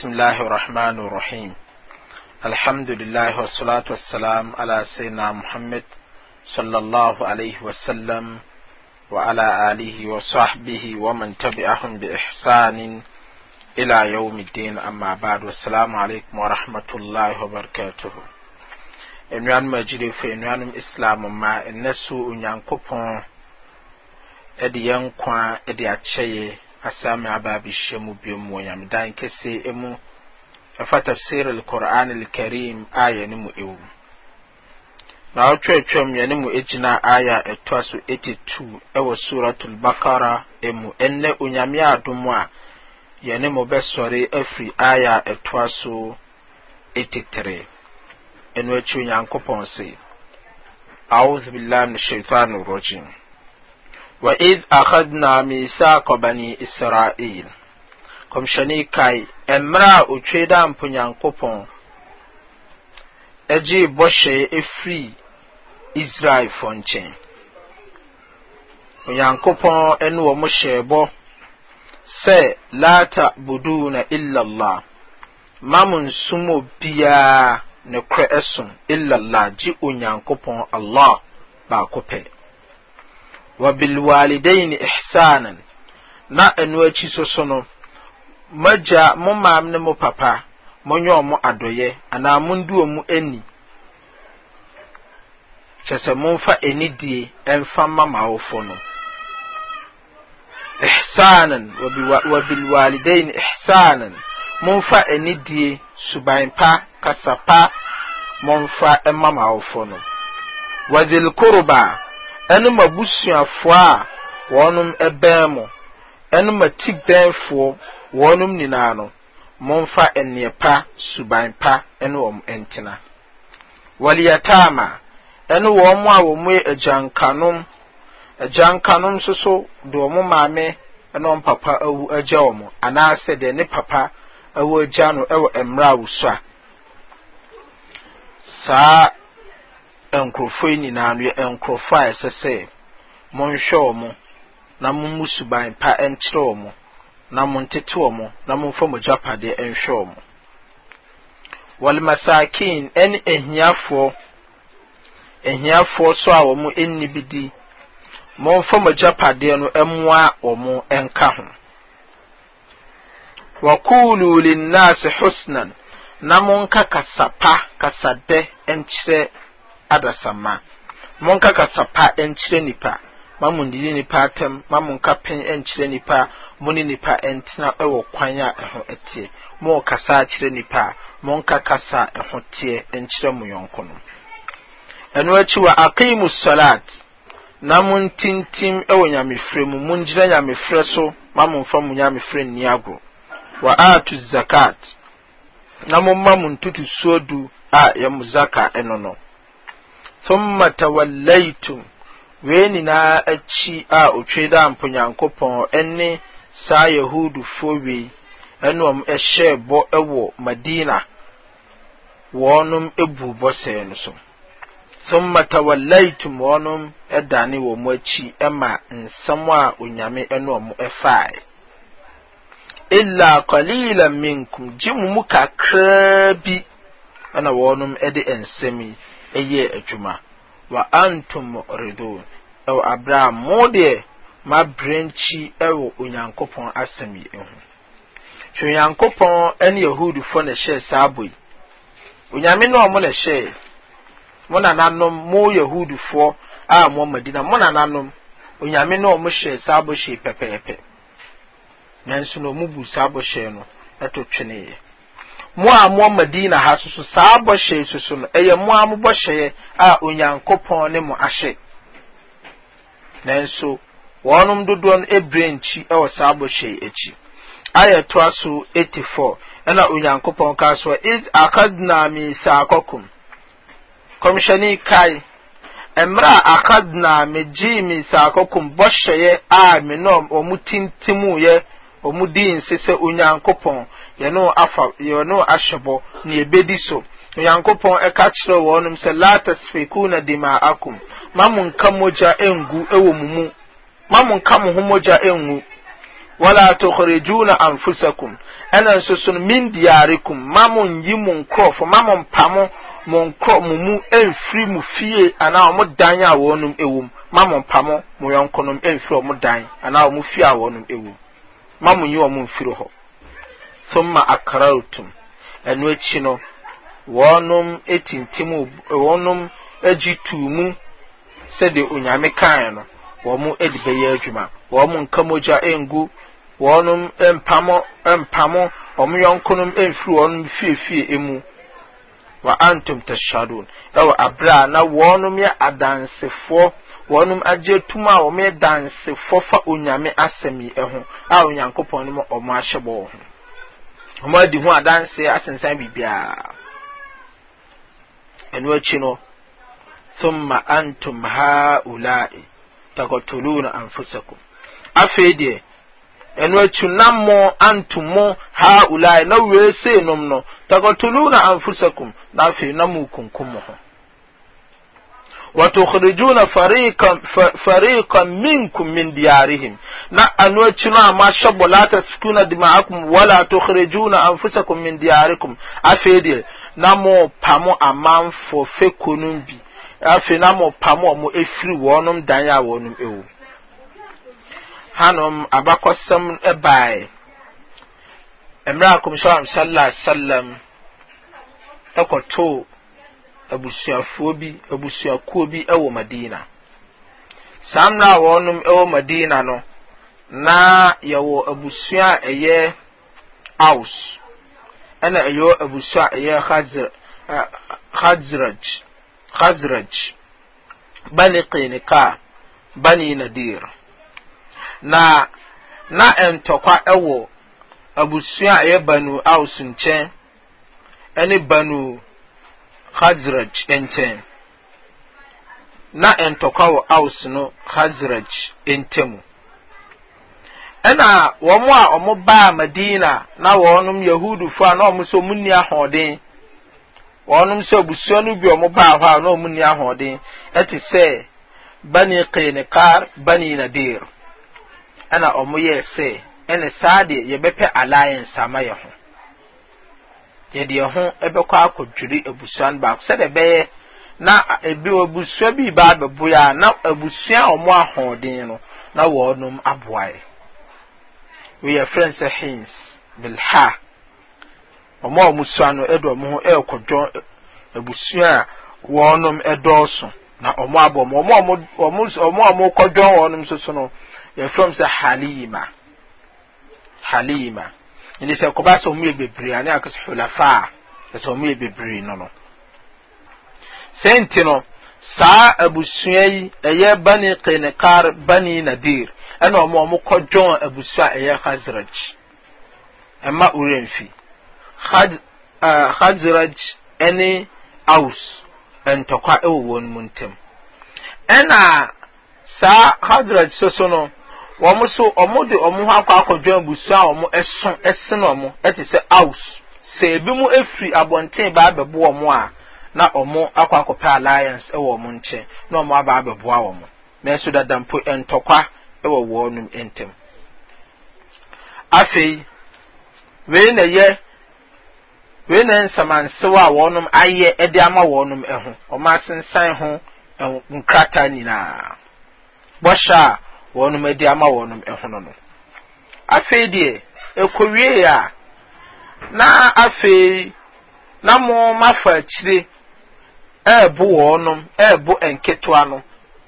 بسم الله الرحمن الرحيم الحمد لله والصلاة والسلام على سيدنا محمد صلى الله عليه وسلم وعلى آله وصحبه ومن تبعهم بإحسان إلى يوم الدين أما بعد والسلام عليكم ورحمة الله وبركاته إنوان مجري في إنوان ma ما so إنيان ɛde yɛn nkwa إدي أتشيه asame aba abɛhyɛ mu bio mu wɔ nyamedan kɛse mu ɛfa tafsir alquran alkarim a yɛne mu ɛwɔ mu na ɔtwɛtwɛm yɛne mu gyina aya ɛtoa so 82 ɛwɔ suratul bakara mu ɛnnɛ onyame adom a yɛne mu bɛsɔre afiri aya ɛtoa so 83 ɛno akyi onyankopɔn se أعوذ بالله من الشيطان الرجيم وَإِذْ أَخَذْنَا مِيثَاقَ بَنِي إِسْرَائِيلَ Kɔmhyɛne kae mmerɛ a otwe da mponyankopɔn agye bɔhyɛ efiri Israelfo nkyɛn. Onyankopɔn ne wɔn hyɛɛ bɔ sɛ laata budu na illallah mam nsum obiara ne korɛ ɛsom illallah gye onyankopɔn Allah ba pɛ wabilwalidaini ihsanan na ɛno akyi so so no magya mo maam ne mo papa monyɛ ɔmo adɔyɛ anaa monde ɔ mu ani kyɛ sɛ momfa anidie ɛmfa mma mawofo no ihsanan wabilwalidaini ihsanan momfa anidie suban pa kasa pa momfa ɛma e mawofo no wadhilkuruba ɛne ma busuafoɔ a wɔnom ɛbɛn mo ɛne ma ti bɛnfoɔ wɔnom nyinaa no momfa nneɛ pa suban pa ɛne wɔn ntena wɔliyataama ɛne wɔn a wɔn yɛ agyankanom agyankanom nso so de wɔn maame ɛne wɔn papa awu agya wɔn anaasɛ deɛ ne papa awu agya no ɛwɔ mmerɛ a saa nkurɔfoɔ yi nyinaa no yɛ nkurɔfoɔ a ɛsɛ sɛ monhwɛ wɔ na mommu suban pa nkyerɛ wɔ na montete wɔ mo na momfa mo gyapadeɛ nhwɛ wɔ mo wɔlmasakin ɛne ahiafoɔ ahiafoɔ so a wɔn nni bi di momfa mo gyapadeɛ no mmoa wɔn nka ho wɔkuulu linnaase husnan na monka kasapa kasadɛ nkyerɛ adasamma monka kasa pa nkyerɛ nipa ma mo ndidi nipa atam ma mo nka pɛn nkyerɛ nipa mo ne nipa ntena wɔ kwan a ɛho teɛ mo kasa akyerɛ nipa monka kasa ɛho teɛ nkyerɛ mo yɔnko no ɛno akyi wɔ aqimu salat na mo ntintim wɔ nyamefrɛ mu mo ngyina nyamefrɛ so ma mo mfa mo nyamefrɛ nni agoro wa atu zakat na mo mma mo ntutusuo du a yɛ mo zaka ɛno no thumma tawallaitum wei nyinaa akyi a otwe da ampo nyankopɔn ɛne saa yahudufoɔ wei ɛne wɔn ɛhyɛɛ bɔ ɛwɔ madina wɔnom ebu bɔsɛɛ no so thumma tawallaitum wɔnom ɛdane wɔn akyi ɛma nsɛm a onyame ɛne wɔn ɛfaae illa qalilan minkum gye mu mu kakraa bi ɛna wɔnom ɛde nsɛm yi ɛyɛɛ adwuma wa antum mu'ridun ɛwɔ abere a mo deɛ ma berɛnkyi ɛwɔ onyankopɔn asɛm yi ho hwɛ onyankopɔn ɛne yahudifoɔ na ɛhyɛɛ saa abɔ yi onyame no a mo na ɛhyɛɛ mo nananom mo yahudifoɔ a mo madina mo nananom onyame no a mo hyɛɛ saa abɔ hyɛ pɛpɛɛpɛ nanso na ɔmo bu saa abɔ hyɛ no ɛto tweneeɛ mo a mo madina ha soso saa bɔhyɛ soso no ɛyɛ mo a mo bɔhyɛ a onyankopɔn ne mo ahyɛ nanso wɔnom dodoɔ no ebire nkyi ɛwɔ saa bɔhyɛ akyi ayɛ toa so 84 ɛna onyankopɔn ka so is akadna misaakɔkum kɔmhyɛne kae mmerɛ a akadna megyee misaakɔkum bɔhyɛeɛ a me ne ɔmo tintimuyɛ ɔmo dii nse sɛ onyankopɔn yɛne afa yɛne ahyɛbɔ na yɛbɛdi so onyankopɔn ɛka kyerɛ wɔnom sɛ la tasfikuna dima'akum ma mo nka mogya ɛngu ɛwɔ mo mu ma mo nka mo ho mogya ɛngu wala tukhrijuna anfusakum ɛna nso so no min diarikum ma mo nyi mo nkurɔfo ma mo mpa mo mo nkurɔ mo mu ɛmfiri mo fie anaa ɔmo dan a wɔnom ɛwɔ mu ma mo mpa mo mo yɔnkonom ɛmfiri ɔmo dan anaa ɔmo fie a wɔnom ɛwɔ ma mo nyi ɔmo mfiri hɔ thumma akraltum ɛno akyi no wɔnom etintim wɔnom agyi tuu mu sɛdeɛ onyame kan no wɔn mo de bɛyɛ adwuma wɔn mo nka mogya ngu wɔnom mpamo mpamo wɔn yɔnkonom mfiri wɔn fiefie emu wa antum tashadun ɛwɔ abere na wɔnom yɛ adansefoɔ wɔnom agye tum a wɔn yɛ dansefoɔ fa onyame asɛm yi ho a onyankopɔn no ma wɔn ahyɛ bɔ wɔn ho. wɔn adi ho adanse asensan biribiara ɛno akyi no thumma antum haula'i takotuluna anfusakum afei deɛ ɛno akyi namo mo antum ha ulai na wei sei nom no takotuluna anfusakum na afei na mo kunkum ho watukhrijuna fariqan fariqan minkum min diyarihim na anu akyi no a moahyɛ bɔ la tasukuna dimaakum wala tukhrijuna anfusakum min diyarikum afei deɛ na mo pa mo amanfo feko no bi afei na mo pa mo a mo dan a wɔnom ɛwɔ hanom abakɔsɛm ɛbaeɛ mmerɛ a sallallahu alaihi wasallam ɛkɔtoo abusuafoɔ bi abusuakuo bi ɛwɔ madina saa mmerɛ a wɔnom ɛwɔ madina no na yɛwɔ abusua a ɛyɛ aus ɛna ɛyɛ abusua a ɛyɛ hazir bani qinika bani nadir na na ntɔkwa ɛwɔ abusua a ɛyɛ banu aus nkyɛn ɛne banu hazraj nkyɛn na ntɔkwa wɔ aus no hazraj ntamu ɛna wɔn a wɔn baa madina na wɔn yahudufo a na wɔn nso wɔn nni ahoɔden wɔn nso abusua no bi wɔn baa hɔ a na wɔn nni ahoɔden ɛte sɛ bani klinikar bani nadir ɛna wɔn yɛ sɛ ɛna saa deɛ yɛbɛpɛ alliance ama yɛ ho. yɛde ɛho ɛbɛkɔ akɔdwiri abusua no baako sɛdeɛ ɛbɛyɛ na ebi abusua bi ba abɛboa a na abusua a wɔn ahoɔden no na wɔnom aboaeɛ wɔyɛ frɛ hins bilha wɔn a wɔn sua no ɛde wɔn ho ɛrekɔdwɔ abusua a wɔnom ɛdɔɔso na wɔn abɔ wɔn wɔn wɔn wɔn kɔdwɔn wɔnom soso no sɛ halima halima. nti sɛ kɔba sɛ ɔmo yɛ bebree ane akɔ sɛ hulafa a sɛ ɔmo yɛ bebree no no sɛnti no saa abusua yi ɛyɛ bani qinqar bani nadir ɛna ɔmo ɔmo kɔdwɔn abusua a ɛyɛ khazraj ɛma urenfi khaz uh, ɛne aus ntɔkwa ɛwɔ wɔn mu ntɛm ɛna saa khazraj soso no wɔn so wɔn de wɔn ho akɔ akɔdwa abusua a wɔn ɛso wɔn ɛte sɛ house sɛ ebi efiri abɔnten ba abɛbo wɔn a na wɔn akɔ akɔpɛ alliance ɛwɔ wɔn nkyɛn na wɔn aba abɛboa wɔn na dada mpo ntɔkwa ɛwɔ wɔn ntam afei wei na yɛ wei a wɔn ayɛ ɛde ama wɔn wɔn asensan ho nkrataa nyinaa bɔhyɛ wɔnom adi ama wɔnom ɛhono no afei deɛ ekowie a na afei na mo mafa akyire ɛɛbo wɔnom ɛɛbo nketewa no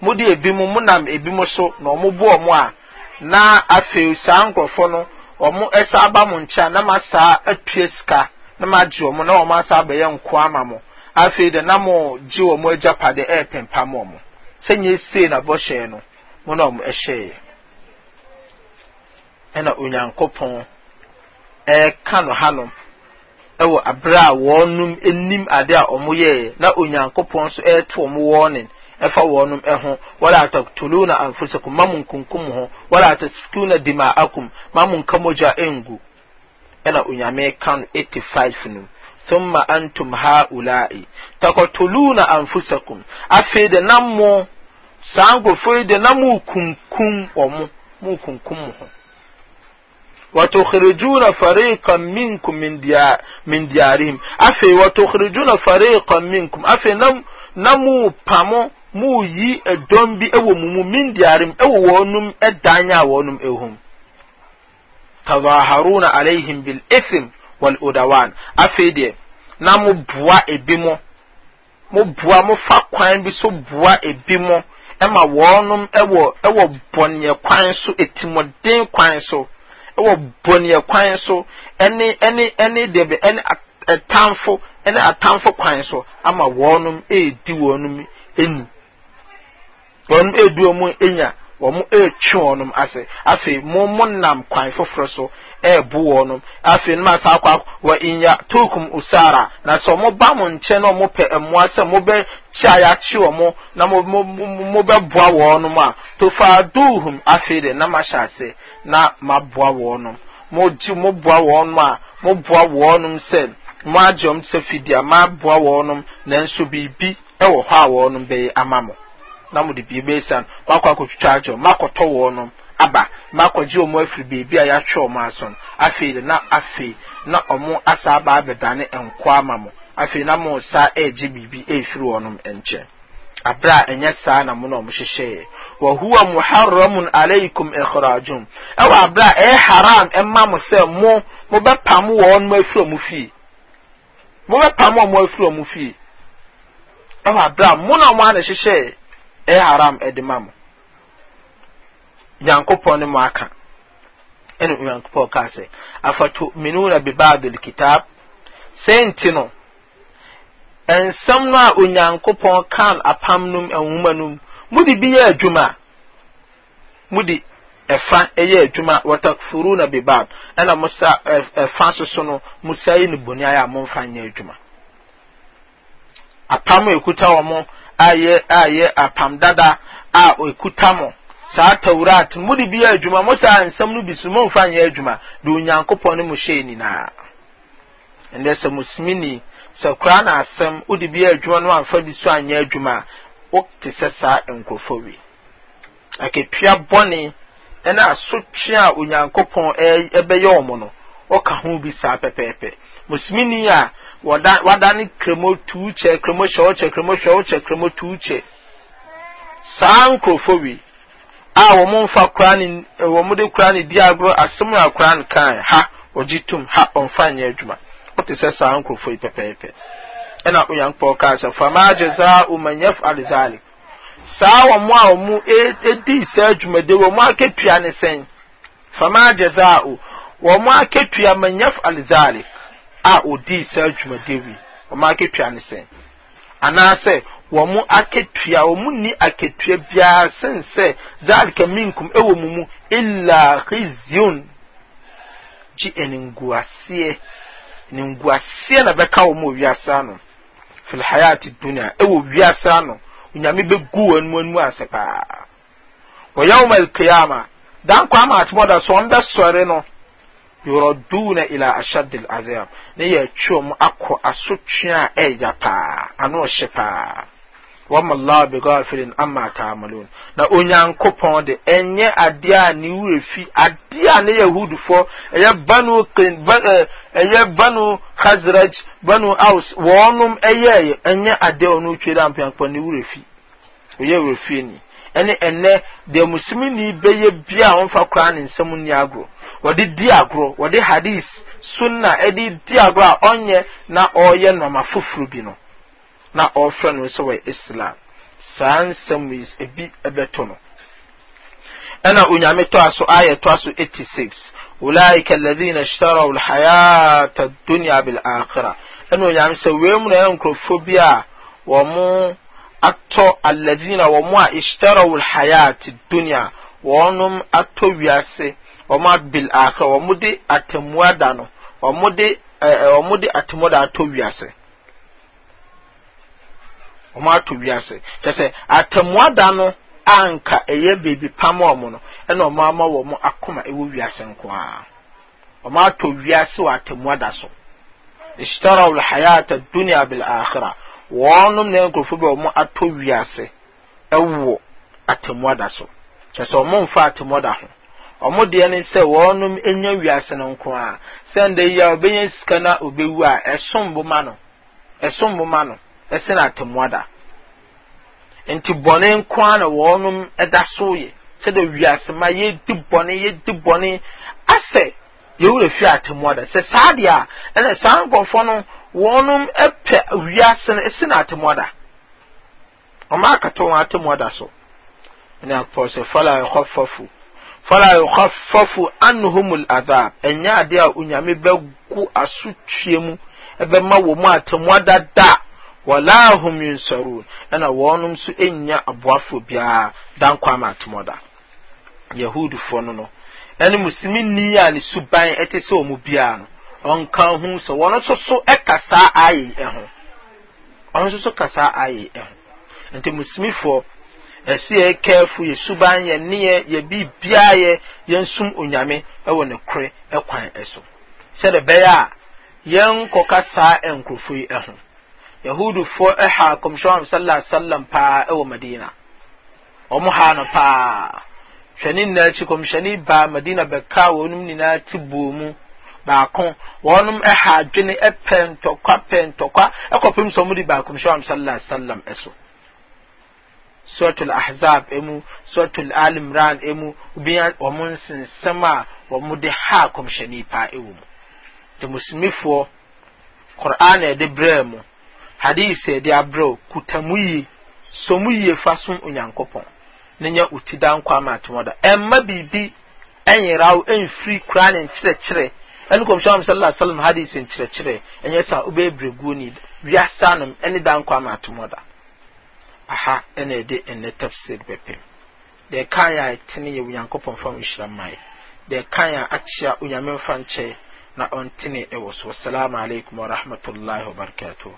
mo de ebi mo mo nam ebi mo so na ɔmo bo ɔmo a na afei saa nkorɔfo no ɔmo ɛsa aba mo nkyɛn na ma saa atua sika na ma gye ɔmo na ɔmo asa abɛyɛ nko ama mo afei de na mo gye ɔmo agya pade mo ɔmo sɛ nye esie na bɔhyɛ no. mu na ɔmo ɛhyɛɛ ɛna onyankopɔn no hanom ɛwɔ abere a wɔnom anim ade a yɛɛ na onyankopɔn nso ɛɛto ɔmo wɔɔnen ɛfa wɔnom ɛho wala taktuluna anfusakum ma mo nkunkum ho na tasfikuna dima'akum ma mo nka mogya ɛngu ɛna onyame ka no 85 no thumma antum haula'i na anfusakum afei de na saa nkurɔfoɔ yi de na mu kunkum wɔn mu kunkum mo ho watukhrijuna fariqan minkum min diyar min diyarihim afei watukhrijuna fariqan minkum afei na na mu pamo mu yi ɛdɔm bi ɛwɔ mu mu min diarim ɛwɔ wɔnum ɛdan a wɔnum ɛhum tazaharuna alaihim bil ism wal udawan afei deɛ na mu bua ebi mo mu bua mu fa kwan bi so boa ebi mo ɛma wɔnom ɛwɔ ɛwɔ bɔnneɛ kwan so etimɔden kwan so ɛwɔ bɔnneɛ kwan so ɛne ɛne ɛne deɛ ɛne ɛtamfo ɛne atamfo kwan so ama wɔnom edi wɔnom eni wɔnom edi wɔn enya wɔn ɛretwi wɔn ase afei mo mo nam kwan so wɔn afei no ma saa akɔ akɔ wɔ nya usara na sɛ wɔn ba mo nkyɛn na wɔn pɛ mmoa sɛ bɛ a yɛakyi wɔn na mo mo bɛ boa wɔn a tofa duuhum afei de na ma hyɛ ase na ma boa wɔn mo mo a mo boa wɔn sɛ mo agye wɔn sɛ ma boa wɔn nanso biribi hɔ ama mo. na mo de bie bɛsa no wakɔ akɔtwitwa agyɛ makɔtɔ wɔn nom aba makɔgye wɔn afiri beebi a yɛatwe wɔn aso no afei na afei na wɔn asa aba abɛdane nko ama mo afei na mo sa ɛregye biribi ɛrefiri wɔn nom nkyɛn abra ɛnyɛ saa na mo na ɔmo hyehyɛɛ wɔ huwa muharramun aleikum ikhrajum ɛwɔ abra ɛyɛ haram ɛma mo sɛ mo mo bɛpam wɔn mo afiri wɔn fie mo bɛpam wɔn afiri wɔn fie ɛwɔ abra mo na ɔmo ana hyehyɛɛ ɛyɛ haram ɛde ma mo nyankopɔn ne mo aka ɛna nyankopɔn kaa sɛ afato minuna bibaadul kitab sɛn no nsɛm no a onyankopɔn kan apam nom nwoma nom mode bi yɛ adwuma mode ɛfa ɛyɛ adwuma wɔtakfuru na bibaad ɛna mosa ɛfa soso no mosa yi ne bɔne ayɛ a momfa nyɛ adwuma apam a ɛkuta wɔ ayɛ ayɛ apam dada a ekuta mo saa tawrat mu de bi yɛ adwuma mo saa nsɛm no bi so mo nfa nyɛ adwuma de onyankopɔn no mo hyɛ nyinaa ɛnɛ sɛ muslimini sɛ koraa na asɛm wo de bi yɛ adwuma no amfa bi so anyɛ adwuma wo te sɛ saa nkurɔfoɔ wi akatua bɔne ɛna asotwe a onyankopɔn ɛbɛyɛ wɔn no ɔka ho bi saa pɛpɛɛpɛ musulmini a wadane kremo tuu kyɛ kremo hyɛ wo kyɛ kremo hyɛ wo kyɛ kremo tuu kyɛ saa nkurɔfo wi a wɔn nfa kora ne wɔn de kora ne di agorɔ asɛm a kora ne kan ha wɔgye tum ha ɔmfa nyɛ adwuma wɔte sɛ saa nkurɔfo yi pɛpɛɛpɛ ɛna onyankopɔn kaa sɛ fama agyeza umanyɛf alizali saa wɔn a wɔn edi e saa dwumadi wɔn aketua ne sɛn fama agyeza o wɔn aketua manyɛf alizali. a odii saa dwumadie wi wɔn aketua ne sɛn anaasɛ wɔn aketua wɔn ni aketua biara sɛn sɛ zaalika minkum ɛwɔ mu mu illa khizyun gye eninguaseɛ eninguaseɛ na bɛka wɔn wɔ wiase ano filhayati dunia ɛwɔ wiase ano onyame bɛgu wɔn mu anum ase paa wɔyɛ wɔn alkiyama dan kwan ma atoma da so wɔn bɛsɔre no yuraduna ila ashadil azab ne yɛ twɛ mu akɔ asotwe a ɛyɛ paa ano ɔhyɛ paa wama allah bi gafirin amma ta'malun na onyankopɔn de ɛnyɛ adeɛ a ne wura fi adeɛ a ne yahudifo ɛyɛ banu kin ɛyɛ banu khazraj banu aus wɔnom ɛyɛ ɛnyɛ adeɛ a ɔno twɛ dɛ ampiankopɔn ne wura fi ɔyɛ wura fi ni ɛne ɛnɛ deɛ musumini bɛyɛ bia a wɔmfa koraa ne nsɛm nni agorɔ wɔde di agorɔ wɔde hadis sunna ɛde di agorɔ a ɔnyɛ na ɔreyɛ nɔɔma foforɔ bi no na ɔrefrɛ no sɛ wɔyɛ islam saa nsɛm yi ebi ɛbɛtɔ no ɛna onyame tɔa so ayɛ tɔa so 86 ulaika alladhina ishtarau alhayata ad-dunya bil akhirah ɛna onyame sɛ wei na ɛyɛ nkurɔfoɔ bi a wɔn atɔ alladina wɔn a ishtaraw alhayat dunya wɔnom atɔ wiase wɔn abil akra wɔn de atemua da no wɔn de ɛɛ wɔn de atemua da atɔ wiase wɔn atɔ wiase kyerɛ atemua da no anka ɛyɛ beebi pam wɔn no ɛna wɔn ama wɔn akoma ɛwɔ wiase nkoa wɔn atɔ wiase wɔ atemua da so ishtaraw alhayat dunya bil akra. wɔnom na nkurɔfoɔ bi a wɔn atɔ wiase ɛwɔ atemmuada so kyerɛ sɛ wɔn mfa atemmuada ho wɔn deɛ ne sɛ wɔnom anya wiase no nko a sɛnde yi a ɔbɛnya sika na ɔbɛwu a ɛsom boma no ɛsom boma no ɛsɛn atemmuada nti bɔne nko ara na wɔnom da so yɛ sɛde wiase ma yɛdi bɔne yɛdi bɔne asɛ yɛwura fi atemmuada sɛ saa deɛ a ɛna saa nkɔfoɔ no. wɔnom pɛ wiase no ɛsi na atemɔda ɔmo akata wɔn atemɔda so ɛna akpɔ sɛ fala yɛkɔfɔfo fala yɛkɔfɔfo anuhumul adab ɛnyɛ ade a onyame bɛgu asotwie mu ɛbɛma wɔn atemɔda da wɔlaa hom yunsɔrun ɛna wɔnom nso ɛnya aboafo biara dankwa ama atemɔda yahudifoɔ no no ɛne musulmi nii a ne suban ɛte sɛ wɔn biara no. ɔnka ho sɛ wɔn nso so ɛka saa ayɛ ɛho wɔn nso so ka saa ayɛ ɛho nti musumifoɔ ɛsi yɛ kɛɛfo yɛ suban yɛ neɛ yɛ biribiara yɛ yɛn sum onyame ɛwɔ ne kore ɛkwan ɛso sɛdeɛ bɛyɛ a yɛn kɔka saa nkurɔfo yi ɛho yahudufoɔ ɛha kɔmhyɛn sallallahu alaihi wasallam paa ɛwɔ madina wɔn ha no paa hwɛni nnakyi kɔmhyɛni baa madina bɛka wɔn nyinaa ti buo mu. baako wɔnom ɛha adwene ɛpɛ ntɔkwa pɛ ntɔkwa ɛkɔpem sɛ ɔmo baako nhyɛ wɔn sallallahu alaihi wasallam ɛso suratul ahzab emu suratul alimran emu obiara wɔn nsensɛm a wɔn de ha akɔmhyɛ nipa ɛwɔ mu te musumifoɔ koran a yɛde brɛ mu hadis a yɛde abrɛ kuta mu yie so mu yie fa som onyankopɔn ne nya uti da nkwa ama atomɔda ɛmma biribi ɛnyeraw ɛmfiri koraa ne nkyerɛkyerɛ ɛne kɔmhyɛ am sala salam hadis nkyerɛkyerɛ ɛnyɛ sa wobɛyɛ berɛguo ni wiasa nom ɛne da nkɔ ama atomɔda aha ɛna ɛde ɛnɛ tafsir bɛpem deɛ kan a ɛtene yɛ onyankopɔn fa nhyira mmae deɛ kan a akyea onyame mfa nkyɛ na ɔntene ɛwɔ so wassalamu alaikum warahmatullahi wabarakatuh